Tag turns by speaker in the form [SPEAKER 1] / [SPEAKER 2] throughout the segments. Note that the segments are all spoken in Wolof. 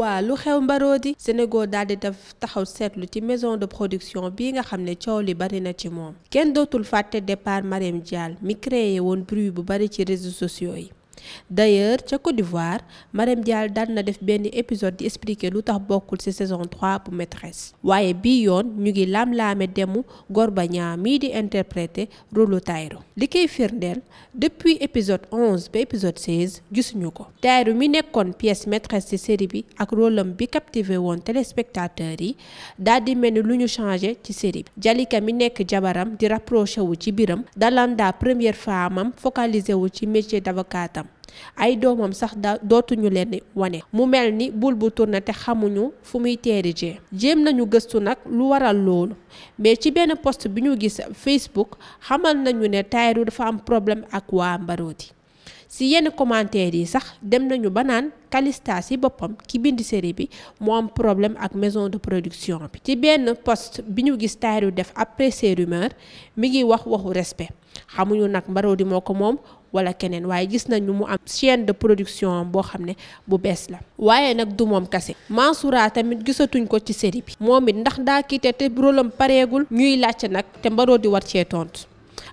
[SPEAKER 1] waa lu xew mbaroodi Sénégal daal di def taxaw seetlu ci maison de production bii nga xam ne coow li bari na ci moom kenn dootul fàtte départ Marème Dial mi créé woon bruit bu bari ci réseaux sociaux yi d'ailleurs ca Côte d'Ivoire Marème Dial daan na def benn épisode di expliquer lu tax bokkul ci saison 3 bu maîtresse waaye bii yoon ñu ngi laam-laame demu Gorba Niang mii di interpréter rôlu Tahirou li koy firndeel depuis épisode 11 ba épisode 16 gisuñu ko Tahirou mi nekkoon pièce maîtresse ci série bi ak rôlam bi captivé woon téléspectateurs yi daal di mel ni lu ñu changé ci série bi Jalika mi nekk jabaram di rapproché wu ci biram Dalanda première femme am focalisé wu ci métier d'avocat ay doomam sax da dootuñu leen wane mu mel ni bul bu tourné te xamuñu fu muy teeri jee jéem nañu gëstu nag lu waral loolu mais ci benn post bi ñu gis Facebook xamal nañu ne Tahirou dafa am problème ak waa Mbarodi si yenn commentaires yi sax dem nañu ba naan Calista si boppam ki bind série bi moo am problème ak maison de production bi. ci benn post bi ñu gis Tahirou def après ces rumeurs mi ngi wax waxu respect xamuñu nag Marodi moo ko moom wala keneen waaye gis nañu mu am chaîne de production boo xam ne bu bees la. waaye nag du moom kase Mansoura tamit gisatuñ ko ci série bi. moom it ndax daa kiite te rôlam pareegul. ñuy laajte nag te mbaroo di war cee tontu.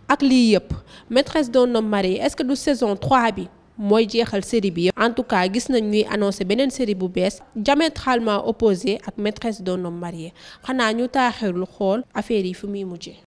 [SPEAKER 1] ak lii yëpp maîtresse d'un homme marié est-ce que du saison 3 bi mooy jeexal série bi yëpp en tout cas gis nañ ñuy annoncé beneen série bu bees diamétralement opposé ak maîtresse d'un homme xanaa ñu taaxirlu xool affaire yi fu muy mujjee.